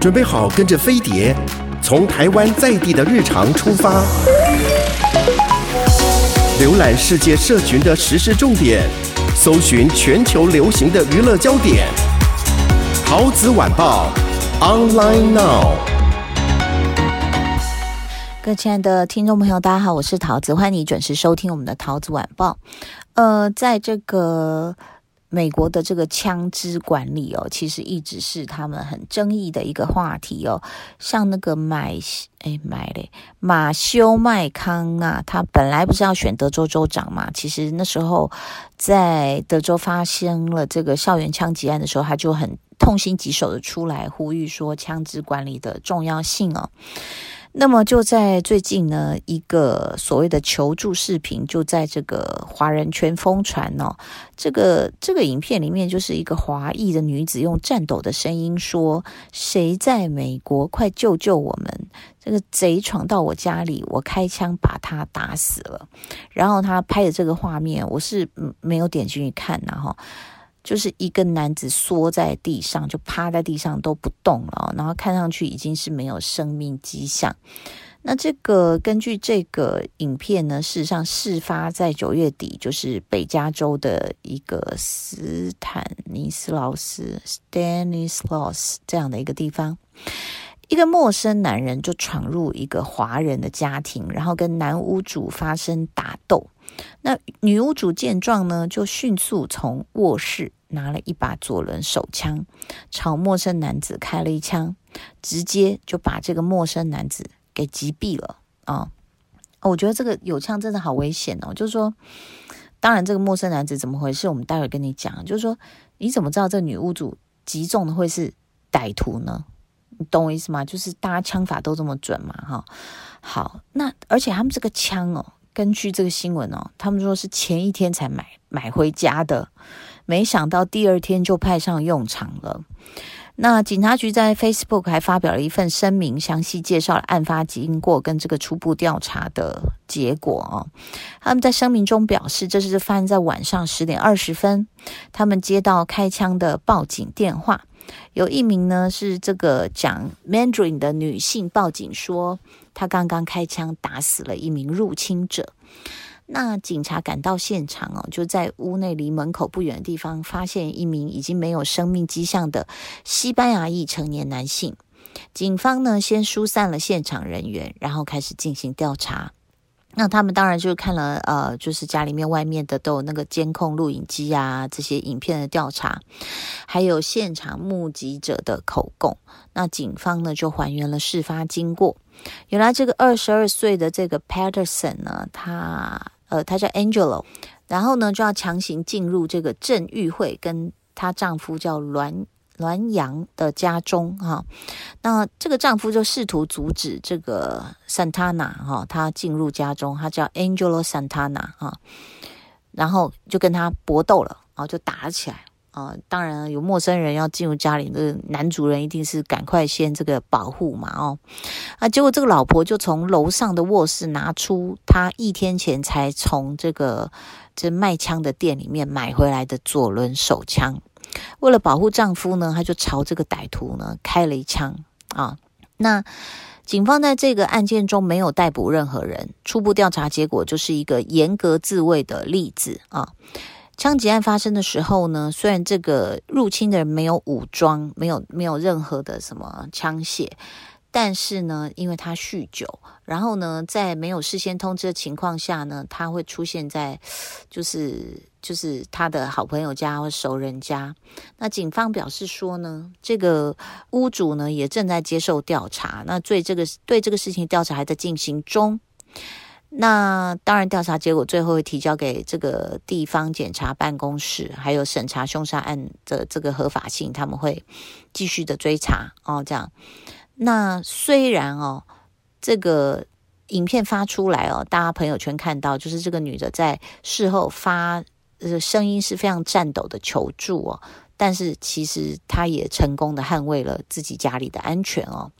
準備好，跟着飛碟，從台灣在地的日常出發，瀏覽世界社群的時事重點，搜尋全球流行的娛樂焦點。陶子晚報，online now。各位親愛的聽眾朋友，大家好，我是陶子，歡迎你準時收聽我們的陶子晚報。呃，在這個。美國的這個槍支管理哦，其實一直是他們很爭議的一個話題哦。像那個麥誒麥嘞馬修麥康啊，他本來不是要選德州州長嘛？其實那時候在德州發生了這個校園槍擊案的時候，他就很痛心疾首的出來呼籲說槍支管理的重要性哦。那麼就在最近呢，一個所謂的求助視頻就在這個華人圈瘋傳哦。這個這個影片裡面就是一個華裔的女子用顫抖的聲音說：“誰在美國，快救救我們！這個賊闖到我家裡，我開槍把他打死了。”然後他拍的這個畫面，我是沒有點進去看啊，然後。就是一個男子縮在地上，就趴在地上都不動了，然後看上去已經是沒有生命跡象。那這個根據這個影片呢，事實上事發在九月底，就是北加州的一個斯坦尼斯勞斯 （Stanislaus） 這樣的一個地方，一個陌生男人就闖入一個華人的家庭，然後跟男屋主發生打鬥。那女屋主見狀呢，就迅速從臥室拿了一把左輪手槍，朝陌生男子開了一槍，直接就把這個陌生男子給擊斃了啊、哦哦！我覺得這個有槍真的好危險哦。就是說，當然這個陌生男子怎麼回事，我們待會跟你講。就是說，你怎麼知道這個女屋主擊中的會是歹徒呢？你懂我意思嗎？就是大家槍法都這麼準嘛，哈、哦。好，那而且他們這個槍哦。根據這個新聞哦，他們說是前一天才買買回家的，沒想到第二天就派上用場了。那警察局在 Facebook 還發表了一份聲明，詳細介紹了案發經過跟這個初步調查的結果哦。他們在聲明中表示，這是發生在晚上十點二十分，他們接到開槍的報警電話，有一名呢是這個講 Mandarin 的女性報警說。他剛剛開槍打死了一名入侵者。那警察趕到現場哦，就在屋內離門口不遠的地方，發現一名已經沒有生命跡象的西班牙裔成年男性。警方呢，先疏散了現場人員，然後開始進行調查。那他們當然就看了呃，就是家裡面外面的都有那個監控錄影機啊，這些影片的調查，還有現場目擊者的口供。那警方呢，就還原了事發經過。原來這個二十二歲的這個 Patterson 呢，她，呃，她叫 Angelo，然後呢就要強行進入這個鄭玉慧跟她丈夫叫欒欒陽的家中哈、哦。那這個丈夫就試圖阻止這個 Santana 哈、哦，他進入家中，他叫 Angelo Santana 哈、哦，然後就跟他搏鬥了，然、哦、後就打了起來。啊、哦，當然有陌生人要進入家裡，這個、男主人一定是趕快先這個保護嘛，哦，啊，結果這個老婆就從樓上的臥室拿出她一天前才從這個這賣槍的店裡面買回來的左輪手槍，為了保護丈夫呢，她就朝這個歹徒呢開了一槍啊、哦。那警方在這個案件中沒有逮捕任何人，初步調查結果就是一個嚴格自衛的例子啊。哦槍擊案發生的時候呢，雖然這個入侵的人沒有武裝，沒有沒有任何的什麼槍械，但是呢，因為他酗酒，然後呢，在沒有事先通知的情況下呢，他會出現在就是就是他的好朋友家或熟人家。那警方表示說呢，這個屋主呢也正在接受調查，那對這個對這個事情調查還在進行中。那當然，調查結果最後會提交給這個地方檢察辦公室，還有審查兇殺案的這個合法性，他們會繼續的追查哦。這樣，那雖然哦，這個影片發出來哦，大家朋友圈看到，就是這個女的在事後發呃聲音是非常顫抖的求助哦。但是其實他也成功的捍衛了自己家裡的安全哦。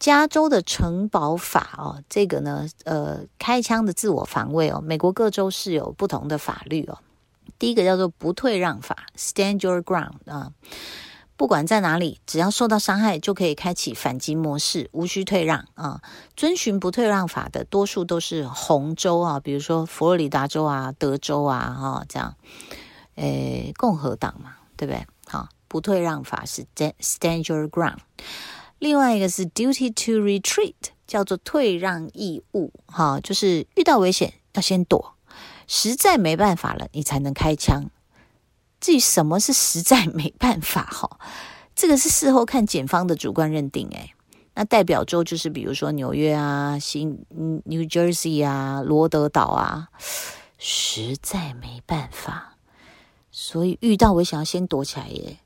加州的城堡法哦，這個呢，呃，開槍的自我防衛哦，美國各州是有不同的法律哦。第一個叫做不退讓法 （Stand Your Ground） 啊，不管在哪裡，只要受到傷害，就可以開啟反擊模式，無需退讓啊。遵循不退讓法的多數都是紅州啊，比如說佛羅里達州啊、德州啊，哈、哦，這樣，呃、哎，共和黨嘛。對不對？哈，不退讓法是 stand stand your ground，另外一個是 duty to retreat，叫做退讓義務。哈，就是遇到危險要先躲，實在沒辦法了，你才能開槍。至於什麼是實在沒辦法，哈，這個是事後看檢方的主觀認定。誒。那代表州就是，比如說紐約啊、新 New Jersey 啊、羅德島啊，實在沒辦法。所以遇到，我想要先躲起來耶。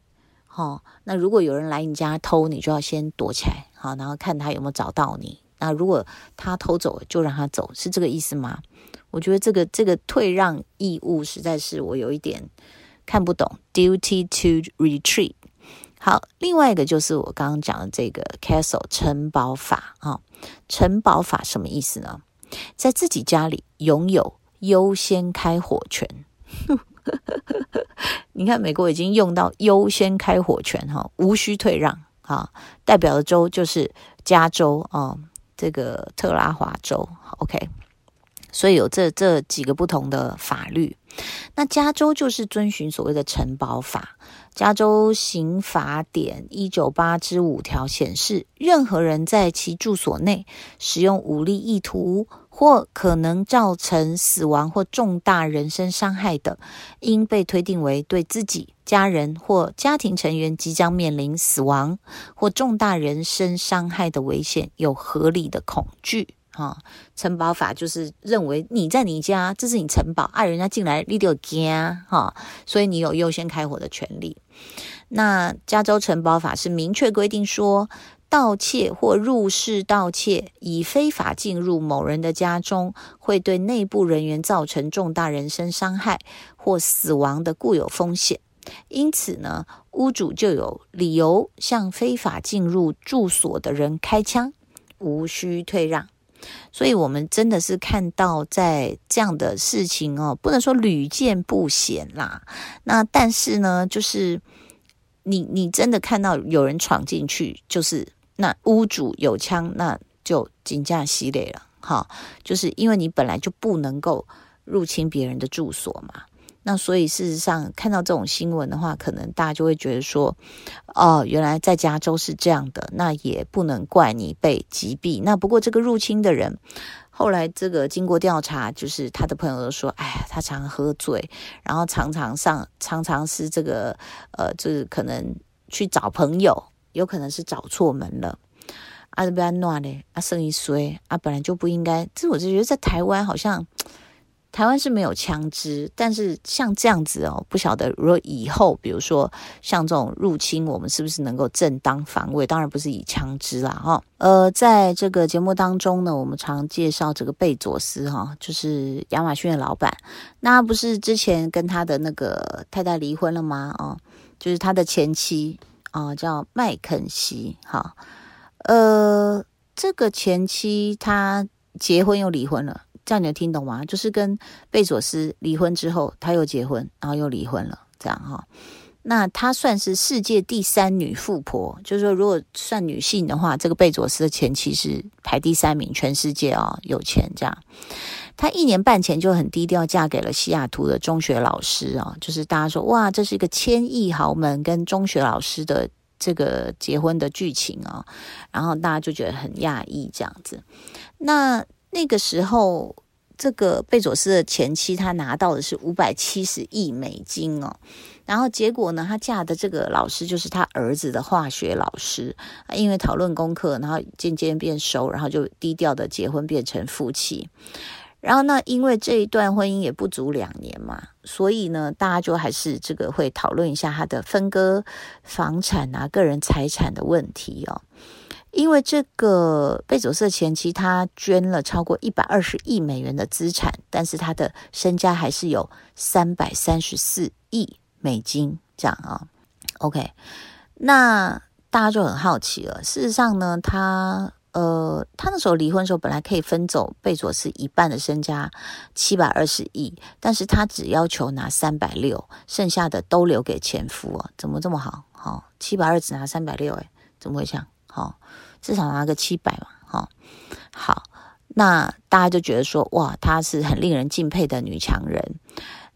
好、哦，那如果有人來你家偷，你就要先躲起來，好，然後看他有沒有找到你。那如果他偷走了，就讓他走，是這個意思嗎？我覺得這個這個退讓義務實在是我有一點看不懂。Duty to retreat。好，另外一個就是我剛剛講的這個 castle 城堡法啊，城堡法什麼意思呢？在自己家裡擁有優先開火權。呵呵 你看，美國已經用到優先開火權，哈，無需退讓，代表的州就是加州啊，這個特拉華州，OK。所以有這這幾個不同的法律，那加州就是遵循所謂的城堡法，加州刑法典一九八之五條顯示，任何人在其住所內使用武力意圖。或可能造成死亡或重大人身傷害的，應被推定為對自己、家人或家庭成員即將面臨死亡或重大人身傷害的危險有合理的恐懼。哈、哦，城堡法就是認為你在你家，這是你城堡，哎、啊，人家進來你就有家。哈、哦，所以你有優先開火的權利。那加州城堡法是明確規定說。盜竊或入室盜竊，以非法進入某人的家中，會對內部人員造成重大人身傷害或死亡的固有風險。因此呢，屋主就有理由向非法進入住所的人開槍，無需退讓。所以，我們真的是看到在這樣的事情哦，不能說屢見不鮮啦。那但是呢，就是你你真的看到有人闖進去，就是。那屋主有槍，那就警駕襲壘了，哈、哦，就是因為你本來就不能夠入侵別人的住所嘛。那所以事實上看到這種新聞的話，可能大家就會覺得說，哦，原來在加州是這樣的。那也不能怪你被擊斃。那不過這個入侵的人，後來這個經過調查，就是他的朋友都說，哎呀，他常喝醉，然後常常上，常常是這個，呃，就是可能去找朋友。有可能是找錯門了，阿德班納嘞，啊生一衰，啊本來就不應該。這我就覺得，在台灣好像台灣是沒有槍支，但是像這樣子哦，不曉得如果以後，比如說像這種入侵，我們是不是能夠正當防衛？當然不是以槍支啦、哦，哈。呃，在這個節目當中呢，我們常介紹這個貝佐斯哈、哦，就是亞馬遜的老闆。那他不是之前跟他的那個太太離婚了嗎？哦，就是他的前妻。啊、哦，叫麥肯錫，哈呃，這個前妻她結婚又離婚了，這樣你能聽懂嗎？就是跟貝佐斯離婚之後，她又結婚，然後又離婚了，這樣哈、哦。那她算是世界第三女富婆，就是說，如果算女性的話，這個貝佐斯的前妻是排第三名，全世界啊、哦、有錢這樣。她一年半前就很低調嫁給了西雅圖的中學老師啊、哦，就是大家說哇，這是一個千億豪門跟中學老師的這個結婚的劇情啊、哦，然後大家就覺得很訝異這樣子。那那個時候。這個貝佐斯的前妻，他拿到的是五百七十億美金哦，然後結果呢，他嫁的這個老師就是他兒子的化學老師，因為討論功課，然後漸漸變熟，然後就低調的結婚變成夫妻。然後那因為這一段婚姻也不足兩年嘛，所以呢，大家就還是這個會討論一下他的分割房產啊、個人財產的問題哦。因為這個貝佐斯前妻，他捐了超過一百二十億美元的資產，但是他的身家還是有三百三十四億美金這樣啊、哦。OK，那大家就很好奇了。事實上呢，他呃，他那時候離婚的時候，本來可以分走貝佐斯一半的身家七百二十億，但是他只要求拿三百六，剩下的都留給前夫、啊、怎麼這麼好，七百二只拿三百六，怎麼回事？好、哦。至少拿個七百嘛，哦，好，那大家就覺得說，哇，她是很令人敬佩的女強人。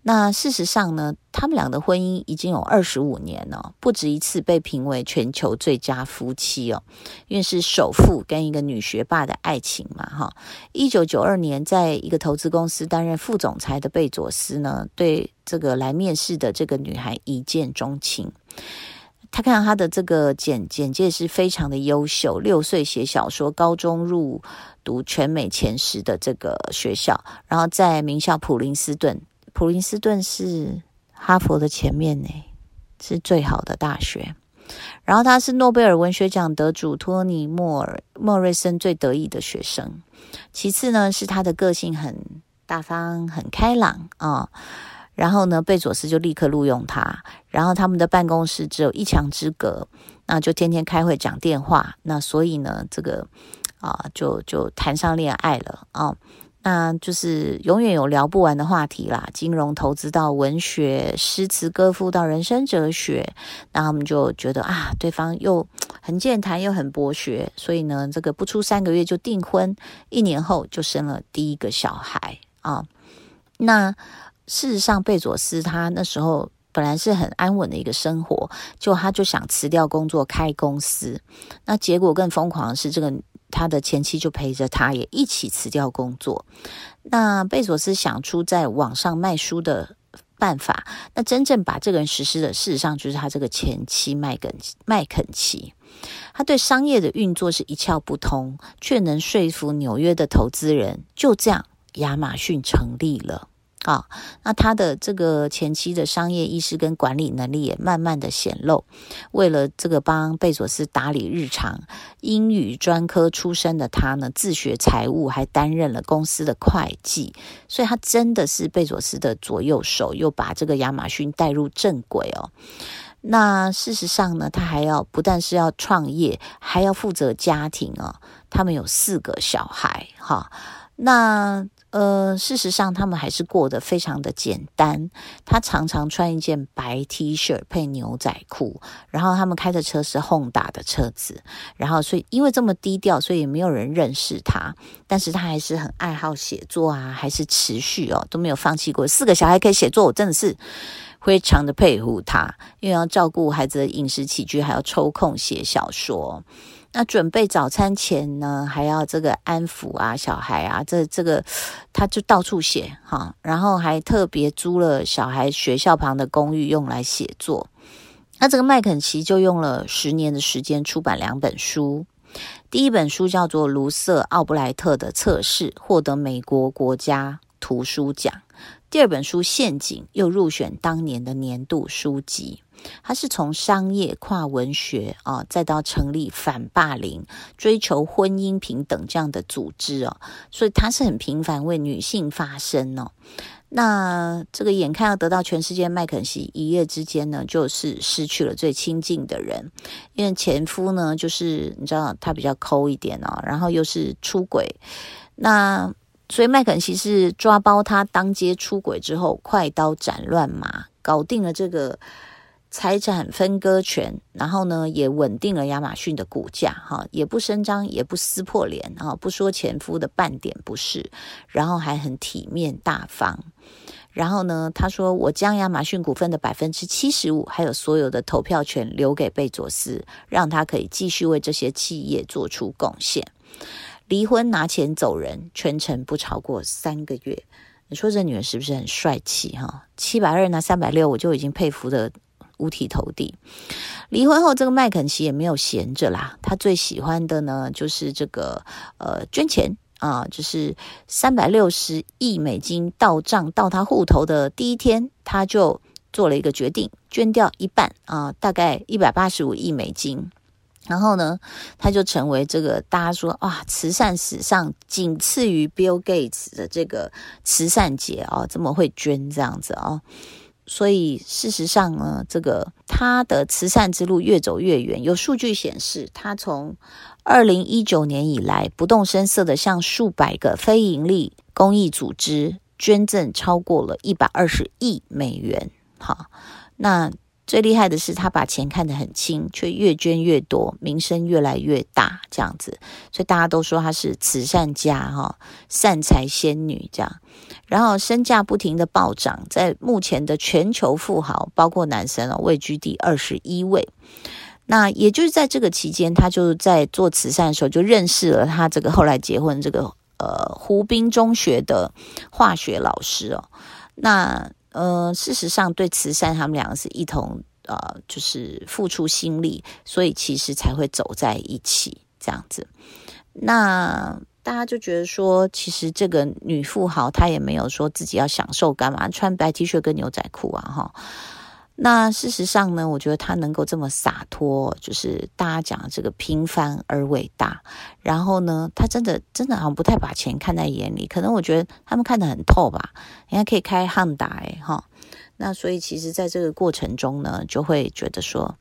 那事實上呢，他們倆的婚姻已經有二十五年了，哦，不止一次被評為全球最佳夫妻哦，因為是首富跟一個女學霸的愛情嘛，哈，哦。一九九二年，在一個投資公司擔任副總裁的貝佐斯呢，對這個來面試的這個女孩一見鍾情。他看到他的這個簡簡介是非常的優秀，六歲寫小說，高中入讀全美前十的這個學校，然後在名校普林斯頓，普林斯頓是哈佛的前面呢，是最好的大學。然後他是諾貝爾文學獎得主托尼莫爾莫瑞森最得意的學生。其次呢，是他的個性很大方、很開朗啊。哦然後呢，貝佐斯就立刻錄用他。然後他們的辦公室只有一牆之隔，那就天天開會、講電話。那所以呢，這個啊，就就談上戀愛了啊、哦。那就是永遠有聊不完的話題啦，金融投資到文學、詩詞歌賦到人生哲學。那他們就覺得啊，對方又很健談又很博學，所以呢，這個不出三個月就訂婚，一年後就生了第一個小孩啊、哦。那。事實上，貝佐斯他那時候本來是很安穩的一個生活，就他就想辭掉工作開公司。那結果更瘋狂的是，這個他的前妻就陪着他也一起辭掉工作。那貝佐斯想出在網上賣書的辦法，那真正把這個人實施的，事實上就是他這個前妻麥肯麥肯齊。他對商業的運作是一竅不通，卻能說服紐約的投資人。就這樣，亞馬遜成立了。啊、哦，那他的這個前期的商業意識跟管理能力也慢慢的顯露。為了這個幫貝佐斯打理日常，英語專科出身的他呢，自學財務，還擔任了公司的會計，所以他真的是貝佐斯的左右手，又把這個亞馬遜帶入正軌哦。那事實上呢，他還要不但是要創業，還要負責家庭哦，他們有四個小孩，哈、哦，那。呃，事實上，他們還是過得非常的簡單。他常常穿一件白 T 恤配牛仔褲，然後他們開的車是轟 o 的車子，然後所以因為這麼低調，所以也沒有人認識他。但是他還是很愛好寫作啊，還是持續哦，都沒有放棄過。四個小孩可以寫作，我真的是非常的佩服他，因為要照顧孩子的飲食起居，還要抽空寫小說。那準備早餐前呢，還要這個安撫啊，小孩啊，這個、這個他就到處寫哈、啊，然後還特別租了小孩學校旁的公寓用來寫作。那這個麥肯齊就用了十年的時間出版兩本書，第一本書叫做《盧瑟·奧布萊特的測試》，獲得美國國家圖書獎；第二本書《陷阱》又入選當年的年度書籍。他是從商業跨文學啊、哦，再到成立反霸凌、追求婚姻平等這樣的組織哦，所以他是很頻繁為女性發聲哦。那這個眼看要得到全世界，麥肯錫一夜之間呢，就是失去了最親近的人，因為前夫呢，就是你知道他比較摳一點哦，然後又是出軌，那所以麥肯錫是抓包他當街出軌之後，快刀斬亂麻，搞定了這個。財產分割權，然後呢，也穩定了亞馬遜的股價，哈，也不聲張，也不撕破臉，啊，不說前夫的半點不是，然後還很體面大方，然後呢，他說我將亞馬遜股份的百分之七十五，還有所有的投票權留給貝佐斯，讓他可以繼續為這些企業做出貢獻。離婚拿錢走人，全程不超過三個月，你說這女人是不是很帥氣？哈，哦，七百二拿三百六，我就已經佩服的。五體投地。離婚後，這個麥肯錫也沒有閒着啦。他最喜歡的呢，就是這個呃，捐錢啊，就是三百六十億美金到賬到他戶頭的第一天，他就做了一個決定，捐掉一半啊，大概一百八十五億美金。然後呢，他就成為這個大家說啊，慈善史上僅次於 Bill Gates 的這個慈善節啊，這麼會捐這樣子啊。所以，事實上呢，這個他的慈善之路越走越遠。有數據顯示，他從二零一九年以來，不動聲色的向數百個非營利公益組織捐贈超過了一百二十億美元。哈，那。最厲害的是，他把錢看得很輕，卻越捐越多，名聲越來越大，這樣子，所以大家都說他是慈善家，哈，善財仙女這樣。然後身價不停的暴漲，在目前的全球富豪，包括男生哦，位居第二十一位。那也就是在這個期間，他就在做慈善的時候，就認識了他這個後來結婚這個呃湖濱中學的化學老師哦。那呃，事實上，對慈善，他們兩個是一同呃，就是付出心力，所以其實才會走在一起這樣子。那大家就覺得說，其實這個女富豪她也沒有說自己要享受幹嘛，穿白 T 恤跟牛仔褲啊，哈。那事實上呢，我覺得他能夠這麼灑脫，就是大家講的這個平凡而偉大。然後呢，他真的真的好像不太把錢看在眼裡，可能我覺得他們看得很透吧，應該可以開漢達哎哈。那所以其實在這個過程中呢，就會覺得說，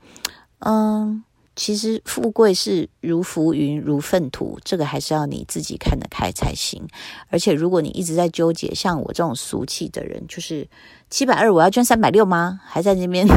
嗯，其實富貴是如浮雲如糞土，這個還是要你自己看得開才行。而且如果你一直在糾結，像我這種俗氣的人，就是。七百二，我要捐三百六嗎？還在那邊，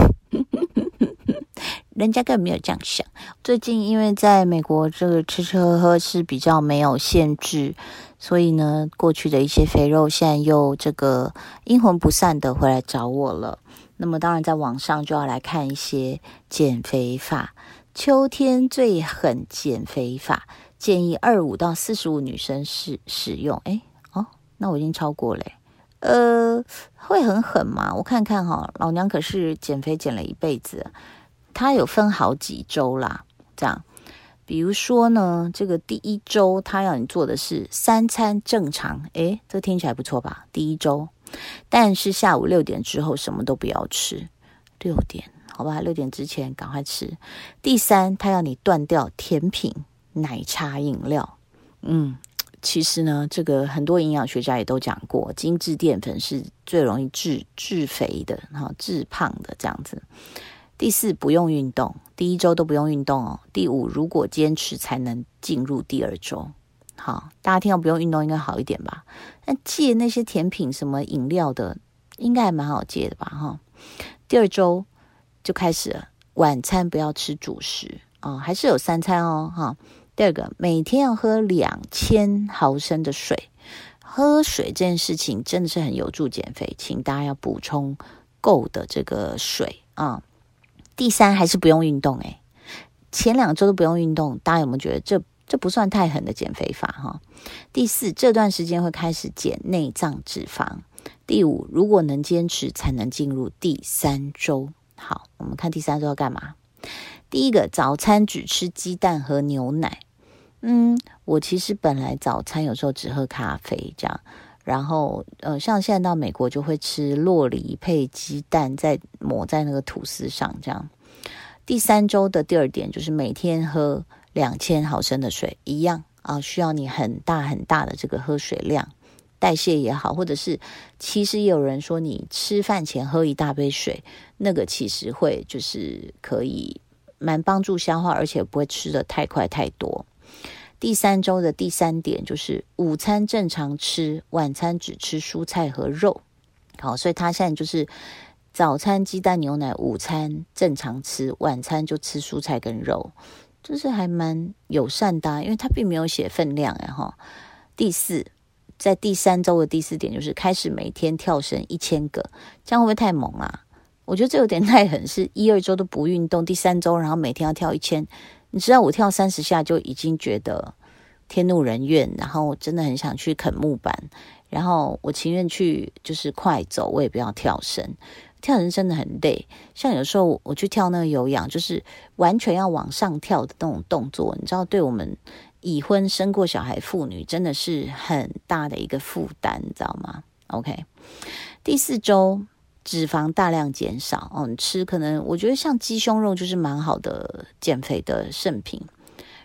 人家根本沒有這樣想。最近因為在美國這個吃吃喝喝是比較沒有限制，所以呢，過去的一些肥肉現在又這個陰魂不散的回來找我了。那麼當然，在網上就要來看一些減肥法。秋天最狠減肥法，建議二五到四十五女生使使用。哎，哦，那我已經超過了，欸。呃，會很狠嘛。我看看哈、哦，老娘可是減肥減了一輩子，他有分好幾週啦，這樣，比如說呢，這個第一周他要你做的是三餐正常，誒，這聽起來不錯吧？第一周，但是下午六點之後什麼都不要吃，六點，好吧，六點之前趕快吃。第三，他要你斷掉甜品、奶茶、飲料，嗯。其實呢，這個很多營養學家也都講過，精致澱粉是最容易致致肥的，哈，致胖的這樣子。第四，不用運動，第一周都不用運動哦。第五，如果堅持才能進入第二周。好，大家聽到不用運動應該好一點吧？那戒那些甜品、什麼飲料的，應該還蠻好戒的吧？哈、哦，第二周就開始了，晚餐不要吃主食啊、哦，還是有三餐哦，哈、哦。第二個，每天要喝兩千毫升的水。喝水這件事情真的是很有助減肥，請大家要補充夠的這個水啊、嗯。第三，還是不用運動哎、欸，前兩周都不用運動，大家有沒有覺得這這不算太狠的減肥法哈、哦？第四，這段時間會開始減內臟脂肪。第五，如果能堅持，才能進入第三周。好，我們看第三周要幹嘛？第一個，早餐只吃雞蛋和牛奶。嗯，我其實本來早餐有時候只喝咖啡這樣，然後呃，像現在到美國就會吃酪梨配雞蛋，再抹在那個吐司上這樣。第三周的第二點就是每天喝兩千毫升的水，一樣啊，需要你很大很大的這個喝水量，代謝也好，或者是其實也有人說你吃飯前喝一大杯水，那個其實會就是可以蠻幫助消化，而且不會吃得太快太多。第三周的第三點就是午餐正常吃，晚餐只吃蔬菜和肉。好，所以他現在就是早餐雞蛋牛奶，午餐正常吃，晚餐就吃蔬菜跟肉，就是還蠻友善的啊，因為他並沒有寫分量，哎哈、哦。第四，在第三周的第四點就是開始每天跳繩一千個，這樣會不會太猛啦、啊？我覺得這有點太狠，是一二周都不運動，第三周然後每天要跳一千。你知道我跳三十下就已經覺得天怒人怨，然後我真的很想去啃木板，然後我情願去就是快走，我也不要跳繩。跳繩真的很累，像有時候我去跳那個有氧，就是完全要往上跳的那種動作，你知道，對我們已婚生過小孩婦女真的是很大的一個負擔，你知道嗎？OK，第四周。脂肪大量減少，嗯、哦，你吃可能我覺得像雞胸肉就是蠻好的減肥的聖品，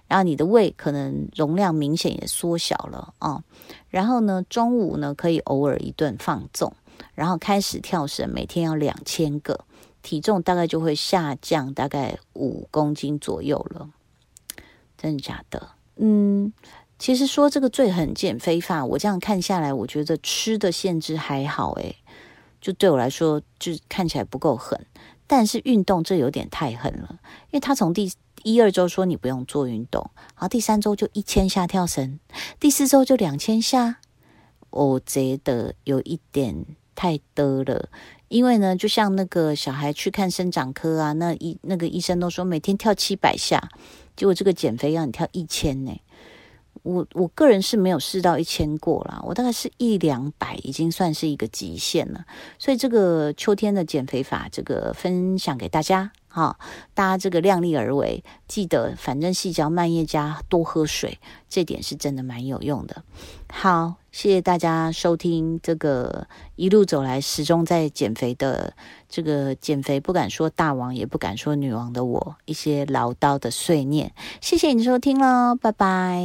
然後你的胃可能容量明顯也縮小了哦。然後呢，中午呢，可以偶爾一頓放縱，然後開始跳繩，每天要兩千個，體重大概就會下降大概五公斤左右了。真的假的？嗯，其實說這個最狠減肥法，我這樣看下來，我覺得吃的限制還好誒。就對我來說，就看起來不夠狠。但是運動這有點太狠了，因為他從第一二周說你不用做運動，然後第三周就一千下跳繩，第四周就兩千下。我覺得有一點太多了，因為呢，就像那個小孩去看生長科啊，那一那個醫生都說每天跳七百下，結果這個減肥讓你跳一千呢？我我個人是沒有試到一千過啦，我大概是一兩百已經算是一個極限了。所以這個秋天的減肥法，這個分享給大家哈、哦，大家這個量力而為，記得反正細嚼慢嚥加多喝水，這點是真的蠻有用的。好，謝謝大家收聽這個一路走來始終在減肥的這個減肥不敢說大王也不敢說女王的我一些嘮叨的碎念，謝謝你收聽嘍，拜拜。